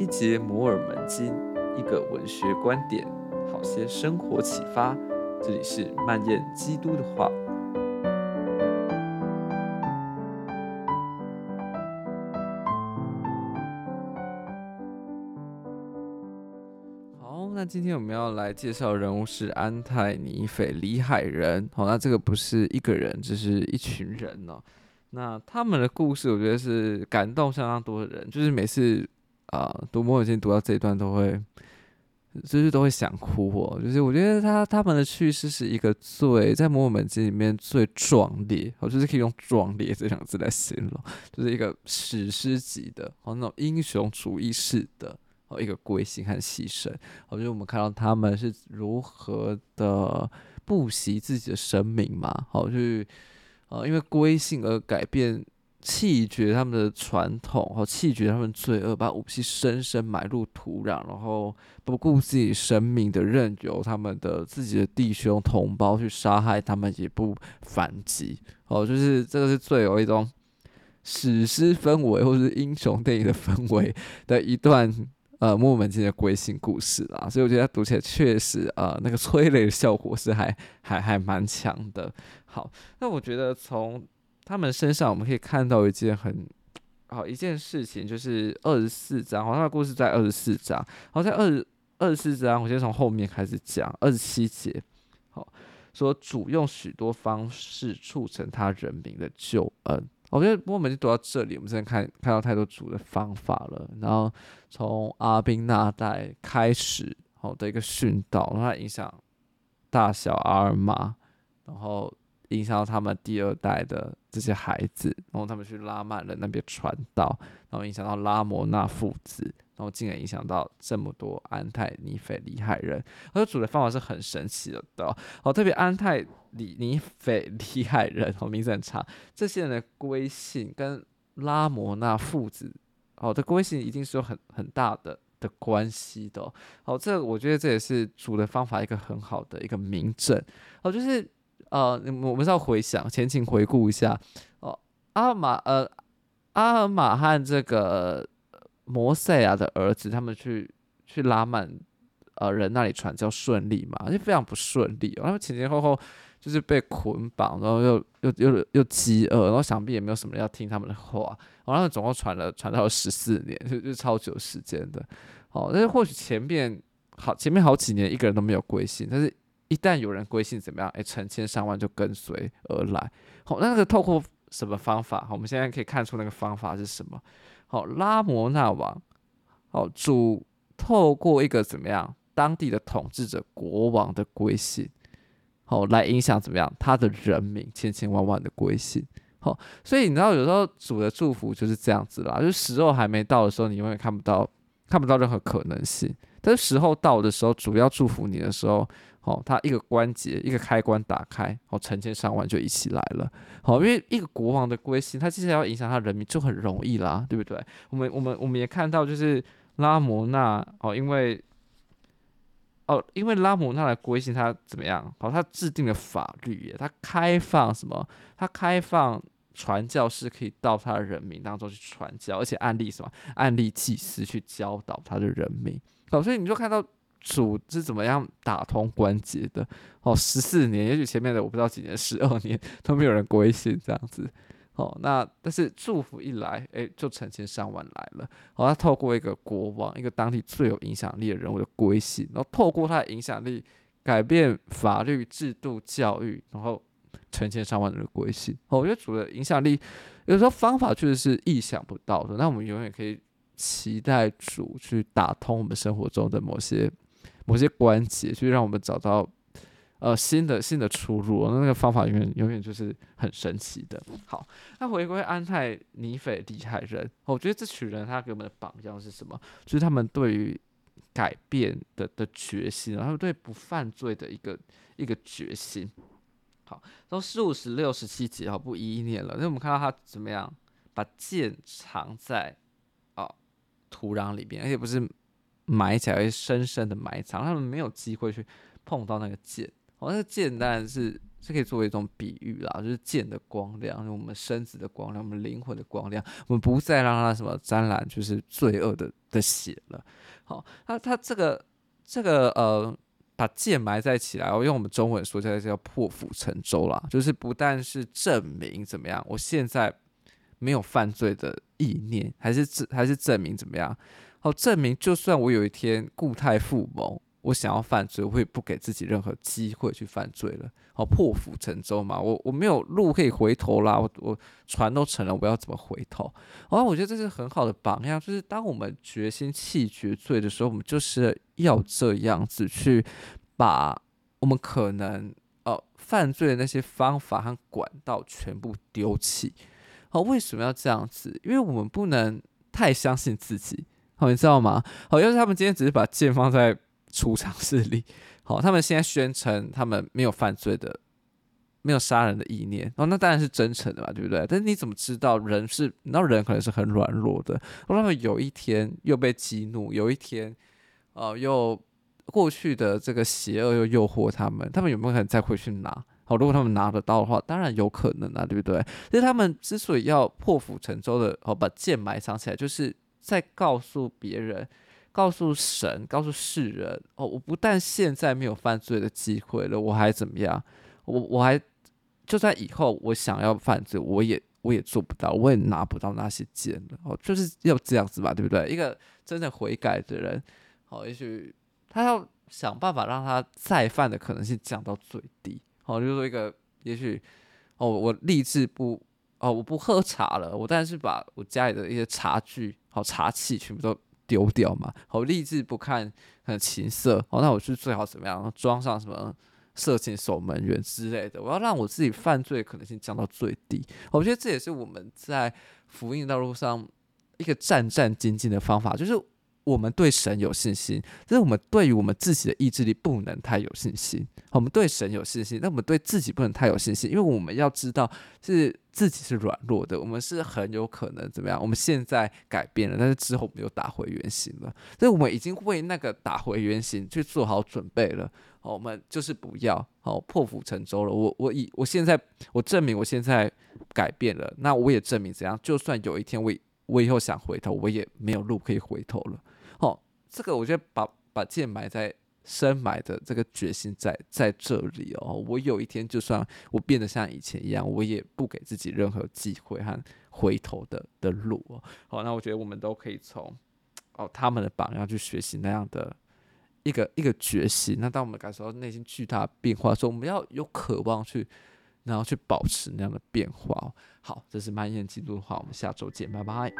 一節摩爾門經，一個文學觀點，好些生活啟發。這裡是漫念基督的話。好，那今天我們要來介紹的人物是安太尼腓李海人。好、哦，那這個不是一個人，這是一群人哦。那他們的故事，我覺得是感動相當多的人，就是每次。啊、呃，讀《摩爾門經》讀到這一段都會，就是都會想哭。哦,就是，我覺得他他們的去世是一個最在《摩爾門經》裡面最壯烈，我，哦，就是可以用“壯烈”這兩個字來形容，就是一個史詩級的，哦，那種英雄主義式的，哦，一個歸信和犧牲。好，哦，就是我們看到他們是如何的不惜自己的生命嘛，好，哦，去，呃、就是哦，因為歸信而改變。棄絕他們的傳統，和、哦、棄絕他們的罪惡，把武器深深埋入土壤，然後不顧自己生命的任由他們的自己的弟兄同胞去殺害他們，也不反擊。哦，就是這個是最有一種史詩氛圍，或者是英雄電影的氛圍的一段呃摩爾門經的歸信故事啊。所以我覺得他讀起來確實啊、呃，那個催淚的效果是還還還蠻強的。好，那我覺得從。他們身上我們可以看到一件很好一件事情，就是二十四章。好，他的故事在二十四章。好，在二二十四章，我先從後面開始講。二十七節，好，說主用許多方式促成他人民的救恩。我覺得，我們就讀到這裡。我們現在看看到太多主的方法了。然後從阿賓納代開始，好的一個訓導，然後他影響大小阿爾瑪，然後影響到他們第二代的這些孩子，然後他們去拉曼人那邊傳道，然後影響到拉摩納父子，然後竟然影響到這麼多安太尼腓李海人。而主的方法是很神奇的，哦、哦。特別安太里尼尼腓李海人，我、哦、名字很長，這些人的歸信跟拉摩納父子，哦，的歸信一定是有很很大的的關係的哦。哦，這我覺得這也是主的方法一個很好的一個明證。哦，就是。呃，我們是要回想，前情回顧一下哦。阿瑪呃，阿爾馬和這個摩賽亞的兒子，他們去去拉曼呃人那裡傳教順利嗎？就非常不順利，哦，他們前前後後就是被捆綁，然後又又又又飢餓，然後想必也沒有什麼人要聽他們的話。然後，哦，他們總共傳了傳到十四年，就就超久時間的。哦，但是或許前面好前面好幾年一個人都沒有歸信，但是。一旦有人歸信怎麼樣？哎，成千上萬就跟隨而來。好，那個透過什麼方法？我們現在可以看出那個方法是什麼。好，拉摩那王，好，主透過一個怎麼樣？當地的統治者、國王的歸信，好，來影響怎麼樣？他的人民千千萬萬的歸信。好，所以你知道有時候主的祝福就是這樣子啦。就是時候還沒到的時候，你永遠看不到。看不到任何可能性，但是時候到的時候，主要祝福你的時候，好、哦，它一個關節一個開關打開，哦，成千上萬就一起來了，好、哦，因為一個國王的歸信，他其實要影響他人民就很容易啦，對不對？我們我們我們也看到就是拉摩那哦，因為哦，因為拉摩那的歸信他怎麼樣？好、哦，他制定了法律耶，他開放什麼？他開放。傳教士可以到他的人民當中去傳教，而且按立什麼？按立祭司去教導他的人民，哦，所以你就看到主是怎麼樣打通關節的哦。十四年，也許前面的我不知道幾年，十二年都沒有人歸信這樣子哦。那但是祝福一來，哎、欸，就成千上萬來了。好、哦，他透過一個國王，一個當地最有影響力的人物的歸信，然後透過他的影響力改變法律制度、教育，然後。成千上萬的人歸信，我覺得主的影響力，有時候方法確實是意想不到的。那我們永遠可以期待主去打通我們生活中的某些某些關節，去讓我們找到呃新的新的出路，哦。那個方法永遠永遠就是很神奇的。好，那回歸安太尼腓李海人，哦，我覺得這群人他給我們的榜樣是什麼？就是他們對於改變的的決心，他們對不犯罪的一個一個決心。好，從十五十六十七集好不一一念了，那我們看到他怎麼樣把劍藏在哦土壤裡面，而且不是埋起來，而是深深的埋藏，他們沒有機會去碰到那個劍。哦，那個劍當然是是可以作為一種比喻啦，就是劍的光亮，就我們身子的光亮，我們靈魂的光亮，我們不再讓它什麼沾染，就是罪惡的的血了。好、哦，那他，他這個這個呃。把劍埋在起來，我用我們中文說起來叫破釜沉舟啦，就是不但是證明怎麼樣，我現在沒有犯罪的意念，還是證，還是證明怎麼樣？好，證明就算我有一天故態復萌。我想要犯罪，我也不給自己任何機會去犯罪了。好、哦，破釜沉舟嘛，我我沒有路可以回頭啦。我我船都沉了，我要怎麼回頭？哦，我覺得這是很好的榜樣。就是當我們決心棄絕罪的時候，我們就是要這樣子去把我們可能呃、哦、犯罪的那些方法和管道全部丟棄。好、哦，為什麼要這樣子？因為我們不能太相信自己。好、哦，你知道嗎？好、哦，要是他們今天只是把劍放在。出場勢力好，他們現在宣稱他們沒有犯罪的，沒有殺人的意念哦，那當然是真誠的嘛，對不對？但是你怎麼知道人是？那人可能是很軟弱的。哦，他們有一天又被激怒，有一天呃，又過去的這個邪惡又誘惑他們，他們有沒有可能再回去拿？好，哦，如果他們拿得到的話，當然有可能啊，對不對？所以他們之所以要破釜沉舟的哦，把劍埋藏起來，就是在告訴別人。告訴神，告訴世人哦，我不但現在沒有犯罪的機會了，我還怎麼樣？我我還就算以後，我想要犯罪，我也我也做不到，我也拿不到那些錢了哦，就是要這樣子吧，對不對？一個真正悔改的人哦，也許他要想辦法讓他再犯的可能性降到最低哦，就是說一個也許哦，我立志不哦，我不喝茶了，我但是把我家裡的一些茶具好、哦、茶器全部都丟掉嘛，好，立志不看情色，哦，那我去最好怎麼樣？裝上什麼色情守門員之類的，我要讓我自己犯罪可能性降到最低。我覺得這也是我們在福音道路上一個戰戰兢兢的方法，就是。我們對神有信心，就是我們對於我們自己的意志力不能太有信心。我們對神有信心，但我們對自己不能太有信心，因為我們要知道是自己是軟弱的。我們是很有可能怎麼樣？我們現在改變了，但是之後我們就打回原形了。所以我們已經為那個打回原形去做好準備了。好，我們就是不要好，破釜沉舟了。我、我以我現在，我證明我現在改變了，那我也證明怎樣？就算有一天我以我以後想回頭，我也沒有路可以回頭了。這個我覺得把把劍埋在深埋的這個決心在在這裡哦，我有一天就算我變得像以前一樣，我也不給自己任何機會和回頭的的路哦。好，那我覺得我們都可以從哦他們的榜樣去學習那樣的一個一個決心。那當我們感受到內心巨大的變化，說我們要有渴望去，然後去保持那樣的變化哦。好，這是蔓延進度的話，我們下周見，拜拜。